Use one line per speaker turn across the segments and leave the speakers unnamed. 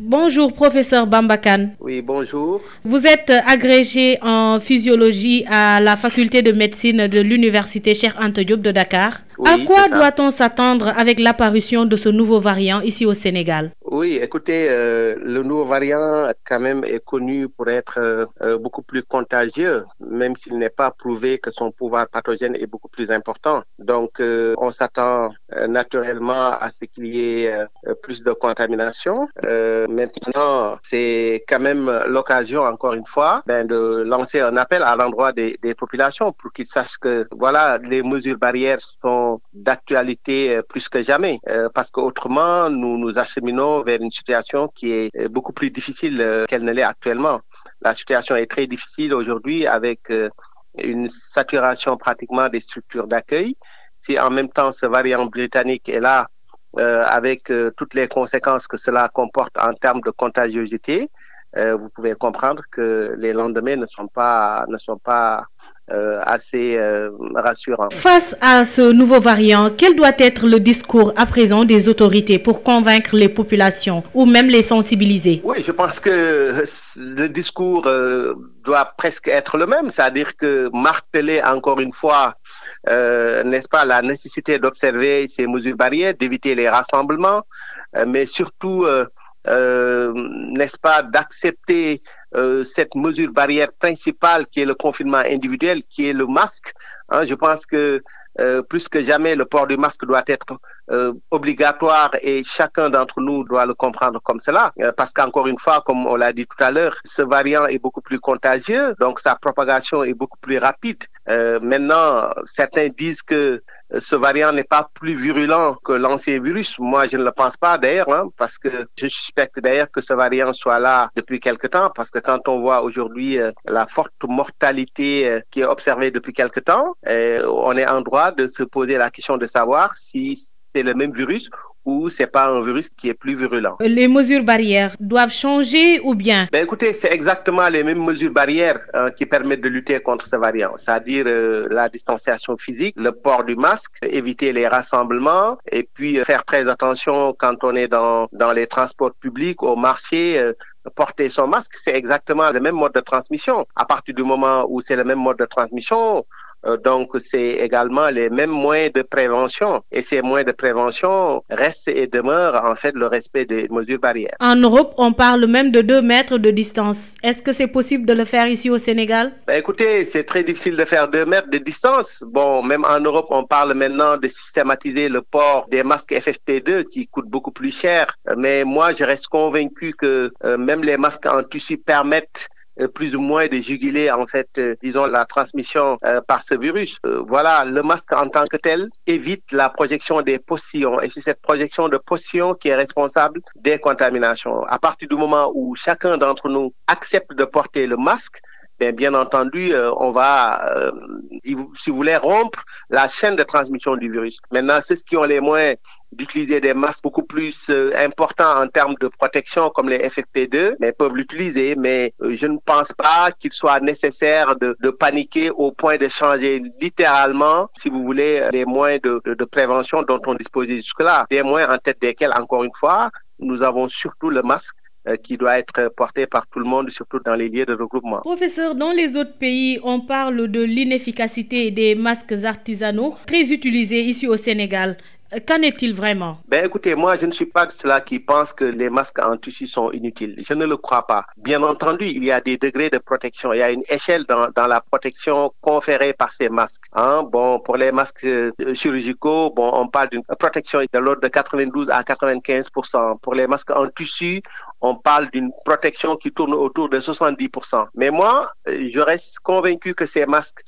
Bonjour, professeur Bambakan.
Oui, bonjour.
Vous êtes agrégé en physiologie à la faculté de médecine de l'université Cheikh Anta Diop de Dakar. Oui, à quoi doit-on s'attendre avec l'apparition de ce nouveau variant ici au Sénégal?
Oui, écoutez, euh, le nouveau variant quand même est connu pour être euh, euh, beaucoup plus contagieux, même s'il n'est pas prouvé que son pouvoir pathogène est beaucoup plus important. Donc, euh, on s'attend euh, naturellement à ce qu'il y ait euh, plus de contamination. maintenant, c'est quand même l'occasion, encore une fois, ben, de lancer un appel à l'endroit des, populations pour qu'ils sachent que, voilà, les mesures barrières sont d'actualité plus que jamais, parce qu'autrement, nous nous situation, vers une situation qui est euh, beaucoup plus difficile euh, qu'elle ne l'est actuellement. La situation est très difficile aujourd'hui avec euh, une saturation pratiquement des structures d'accueil. Si en même temps ce variant britannique est là, euh, avec euh, toutes les conséquences que cela comporte en termes de contagiosité, euh, vous pouvez comprendre que les lendemains ne sont pas Euh, assez euh, rassurant.
Face à ce nouveau variant, quel doit être le discours à présent des autorités pour convaincre les populations ou même les sensibiliser
Oui, je pense que le discours euh, doit presque être le même, c'est-à-dire que marteler encore une fois, euh, n'est-ce pas, la nécessité d'observer ces mesures barrières, d'éviter les rassemblements, mais surtout euh, n'est-ce pas, d'accepter euh, cette mesure barrière principale qui est le confinement individuel, qui est le masque. Hein, je pense que euh, plus que jamais, le port du masque doit être euh, obligatoire et chacun d'entre nous doit le comprendre comme cela. Euh, parce qu'encore une fois, comme on l'a dit tout à l'heure, ce variant est beaucoup plus contagieux, donc sa propagation est beaucoup plus rapide. Euh, maintenant, certains disent que ce variant n'est pas plus virulent que l'ancien virus. Moi, je ne le pense pas d'ailleurs, parce que je suspecte d'ailleurs que ce variant soit là depuis quelque temps, parce que quand on voit aujourd'hui euh, la forte mortalité euh, qui est observée depuis quelque temps, euh, on est en droit de se poser la question de savoir si c'est le même virus où c'est pas un virus qui est plus virulent. Euh,
les mesures barrières doivent changer ou bien
Écoutez, c'est exactement les mêmes mesures barrières hein, qui permettent de lutter contre ce variant, c'est-à-dire euh, la distanciation physique, le port du masque, éviter les rassemblements et puis euh, faire très attention quand on est dans, dans les transports publics, au marché. Euh, porter son masque, c'est exactement le même mode de transmission. À partir du moment où c'est le même Euh, donc, c'est également les mêmes moyens de prévention. Et ces moyens de prévention restent et demeurent en fait le respect des mesures barrières.
En Europe, on parle même de 2 mètres de distance. Est-ce que c'est possible de le faire ici au Sénégal
ben Écoutez, c'est très difficile de faire 2 mètres de distance. Bon, même en Europe, on parle maintenant de systématiser le port des masques FFP2 qui coûtent beaucoup plus cher. Euh, mais moi, je reste convaincu que euh, même les masques en tissu permettent Euh, plus ou moins de juguler en fait, euh, disons, la transmission euh, par ce virus. voilà, le masque en tant que tel évite la projection des postillons et c'est cette projection de postillons qui est responsable des contaminations. À partir du moment où chacun d'entre nous accepte de porter le masque, bien, bien entendu, euh, on va, euh, si, vous, voulez, rompre la chaîne de transmission du virus. Maintenant, ceux qui ont les moyens d'utiliser des masques beaucoup plus euh, importants en termes de protection, comme les FFP2, mais peuvent l'utiliser. Mais euh, je ne pense pas qu'il soit nécessaire de, de, paniquer au point de changer littéralement, si vous voulez, les moyens de, de, de prévention dont on disposait jusque-là. Des moyens en tête desquels, encore une fois, nous avons surtout le masque Euh, qui doit être porté par tout le monde, surtout dans les lieux de regroupement.
Professeur, dans les autres pays, on parle de l'inefficacité des masques artisanaux, très utilisés ici au Sénégal. Qu'en est-il vraiment
Ben écoutez, moi je ne suis pas de cela qui pense que les masques en tissu sont inutiles. Je ne le crois pas. Bien entendu, il y a des degrés de protection. Il y a une échelle dans, dans la protection conférée par ces pour les masques euh, chirurgicaux, bon, on parle protection de l'ordre de 92 à 95 Pour les masques on parle d'une protection qui tourne autour de 70 Mais moi, euh, je reste convaincu que ces masques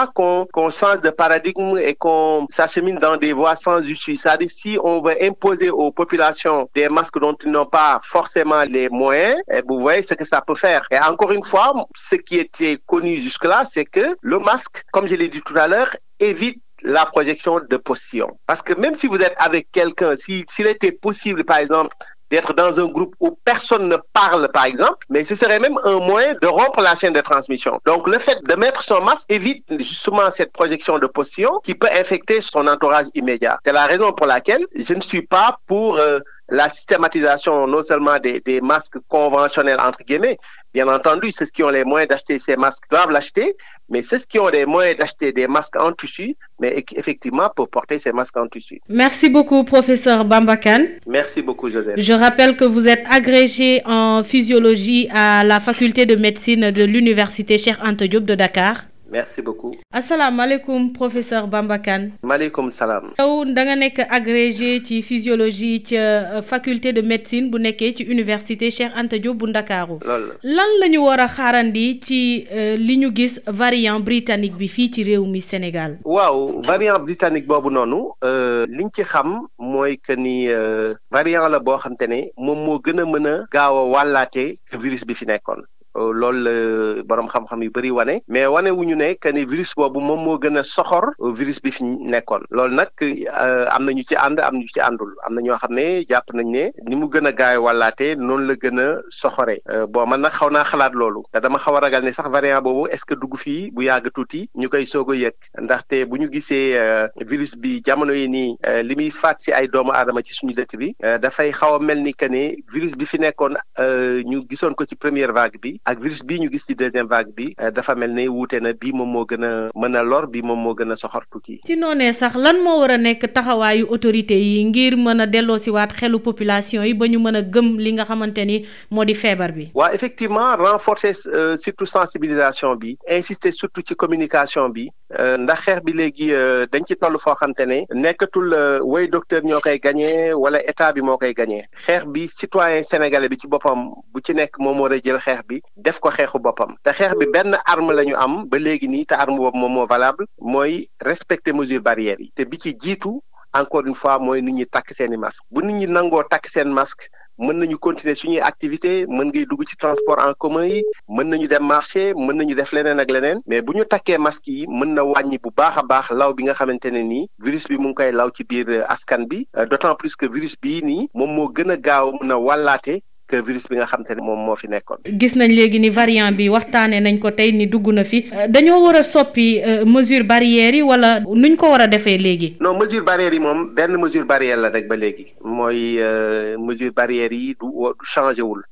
pas qu'on qu change de paradigme et qu'on s'achemine dans des voies sans issue. C'est-à-dire si on veut imposer aux populations des masques dont ils n'ont pas forcément les moyens, et eh vous voyez ce que ça peut faire. Et encore une fois, ce qui était connu jusque-là, c'est que le masque, comme je l'ai dit tout à l'heure, évite la projection de position. Parce que même si vous êtes avec quelqu'un, s'il était possible, par exemple, d'être dans un groupe où personne ne parle, par exemple, mais ce serait même un moyen de rompre la chaîne de transmission. Donc, le fait de mettre son masque évite justement cette projection de postillon qui peut infecter son entourage immédiat. C'est la raison pour laquelle je ne suis pas pour... Euh, la systématisation non seulement des, des masques conventionnels, entre guillemets, bien entendu, ceux qui ont les moyens d'acheter ces masques doivent l'acheter, mais ceux qui ont les moyens d'acheter des masques en tissu, mais effectivement, pour porter ces masques en tissu.
Merci beaucoup, professeur en physiologie à la faculté de médecine de l'université Cher Ante Diop de Dakar.
merci beaucoup.
asalaamaaleykum professeur Bamba Kane.
maaleykum salaam.
yow da nga nekk agrégé ci physiologie ca euh, faculté de médecine bu nekkee ci université Cheikh Anta bu Ndakaaru. loolu lan la ñu war a xaarandi ci euh, li ñu gis variant britannique bi fii ci réew mi Sénégal.
waaw variant britannique boobu noonu. Euh, liñ ci xam mooy que ni variant la boo xam ne moom moo gën a mën a gaaw a wàllaatee que virus bi fi nekkoon. Euh, loolu la borom xam-xam yu bëri wane mais wane wu ñu ne que ni virus boobu moom moo gën a soxor euh, virus bi fi nekkoon loolu nag euh, am na ci ànd am na ci àndul am na ñoo xam ne jàpp nañ ne ni mu gën a gaay wàllaatee noonu la gën a soxore bon man nag xaw naa xalaat loolu dama xaw ragal ne sax variant boobu est-ce que dugg fii bu yàgg tuuti ñu soog a ndaxte bu ñu gisee virus bi jamono yi nii li muy faat si ay doomu aadama ci suñu dëkk bi dafay xaw a mel ni que ne virus bi fi nekkoon ñu gisoon ko ci première vague bi ak virus bii ñu gis ci deuxième vague bi eh, dafa mel ne wuute na bii moom moo gën a mën a lor bii moom moo gën a soxor tukki.
ci noonee sax lan moo war a nekk taxawaayu autorité yi ngir mën a delloosiwaat xelu population yi ba ñu mën a gëm li nga xamante ni moo di feebar bi.
waa effectivement renforcer euh, surtout sensibilisation bi insister surtout ci communication bi. Euh, ndax xeex bi léegi euh, dañ ci toll foo xam ne nekkatul euh, way docteur ñoo koy gagné wala état bi moo koy gañee xeex bi citoyen sénégalais bi ci boppam bu ci nekk moom moo war jël xeex bi def ko xeexu boppam te xeex bi benn arme la ñu am ba léegi nii te arme boobu moom moo valable mooy respecter mesures barrières yi te bi ci jiitu encore une fois mooy nit ñi takk seen i masque bu nit ñi nangoo takk seen masque mën nañu continuer suñuy activité mën ngay dugg ci transport en commun yi mën nañu dem marché mën nañu def leneen ak leneen mais bu ñu takkee masque yi mën na wàññi bu baax a baax law bi nga xamante ne nii virus bi mu ngi koy law ci biir euh, askan bi euh, d'autant plus que virus bii nii moom moo gën a gaaw mën a wàllaate que virus bi nga xam te ne moom moo fi
nekkoon. gis nañ léegi ni variant bi waxtaanee nañ ko tey ni dugg na fi dañoo war a soppi euh, mesure barrière yi wala nuñ ko war a defee léegi.
non mesure barrière yi moom benn mesure barrière la rek ba léegi mooy euh, mesure barrière yi du changé wul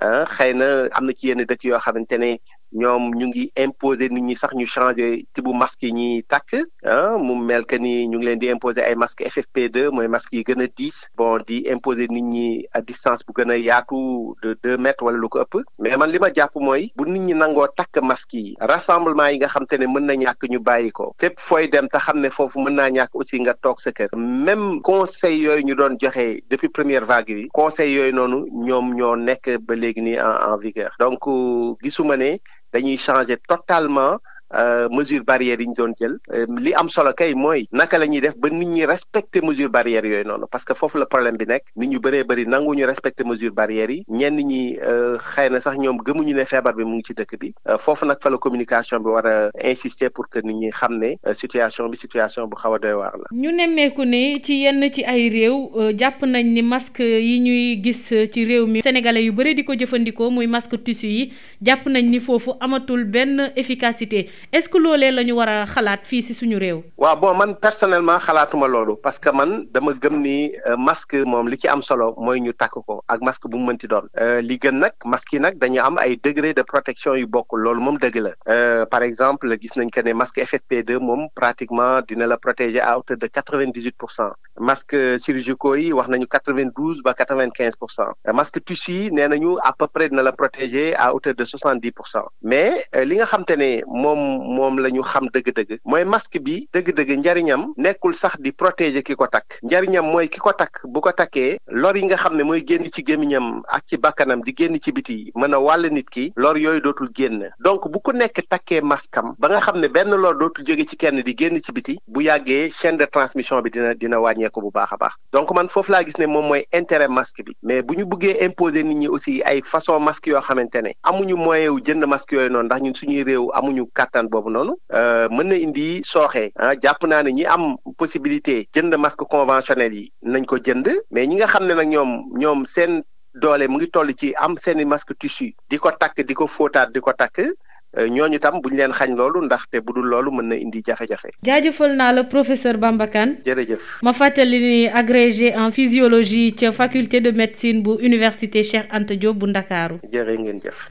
ah, xëy na am na ci yenn dëkk yoo xamante ne ñoom ñu ngi imposer nit ñi sax ñu changer bu masque yi ñuy takk ah mu mel que ni ñu ngi leen di imposer ay masque FFP2 mooy masque yi gën a diis bon di imposer nit ñi à distance bu gën a yaatu de deux mètres wala lu ko ëpp mais man li ma jàpp mooy bu nit ñi nangoo takk masque yi rassemblement yi nga xam ne mën na ñàkk ñu bàyyi ko fépp fooy dem te xam ne foofu mën naa ñàkk aussi nga toog sa kër même conseil yooyu ñu doon joxe depuis première vague yi conseil yooyu noonu ñoom ñoo nekk ba léegi nii en en vigueur donc gisuma ne dañuy changer totalement Euh, mesures barrières yi ñu doon jël euh, li am solo kay mooy naka la ñuy def ba nit ñi respecter mesures barrières yooyu noonu parce que foofu la problème bi nekk nit ñu bëree bëri nangu ñu respecter mesures barrières yi ñenn ñi euh, xëy na sax ñoom gëmuñu ne feebar bi mu ngi ci dëkk bi foofu nag fa la communication bi war a insister pour que nit ñi xam ne situation bi situation bu xaw a doy waar la.
ñu nemmeeku ne ci yenn ci ay réew jàpp nañ ni masque yi ñuy gis ci réew mi sénégalais yu bëri di ko jëfandikoo muy masque tissu yi jàpp nañ ni foofu amatul benn efficacité. est-ce que loolee a xalaat fii si suñu réew.
waaw bon man personnellement xalaatuma loolu parce que man dama gëm ni euh, masque moom li ci am solo mooy ñu takk ko ak masque bu mu mënti doon. Euh, li gën nag masque yi nag dañu am ay degré de protection yu bokk loolu moom dëgg la euh, par exemple gis nañ que ne masque FFP2 moom pratiquement dina la protéger à hauteur de quatre-vingt-dix-huit pour cent masque chirurgicaux yi wax nañu quatre-vingt-douze ba quatre-vingt-quinze cent masque tissu yi nee nañu à peu près dina la protéger à hauteur de soixante-dix moom la ñu xam dëgg-dëgg mooy masque bi dëgg-dëgg njariñam nekkul sax di protéger ki ko takk njariñam mooy ki ko takk bu ko takkee lor yi nga xam ne mooy génn ci gémmiñam ak ci bakkanam di génn ci biti mën a wàll nit ki lor yooyu dootul génn donc bu ko nekk takkee maskam ba nga xam ne benn lor dootul jóge ci kenn di génn ci biti bu yàggee chaîne de transmission bi dina dina wàññeeku bu baax a baax donc man foofu laa gis ne moom mooy intérêt masque bi mais bu ñu bëggee imposer nit ñi aussi ay façon masque ne amuñu moyen wu jënd masque yooyu noonu ndax ñun waxtaan boobu noonu euh, mën na indi sooxee ah, jàpp naa ne ñi am possibilité jënd masque conventionnel yi nañ ko jënd mais ñi nga xam ne nag ñoom ñoom seen doole mu ngi toll ci am seeni masque tissu di ko takk di ko fóotaat di ko takk euh, ñooñu tam buñ leen xañ loolu ndaxte bu dul loolu mën na indi jafe-jafe.
jaajëfal naa la professeur Bamba Kane. jërëjëf. ma fàttali ni agrégé en physiologie ca faculté de médecine bu université Cheikh Anta Diop bu Ndakaaru.
jërë ngeen jëf.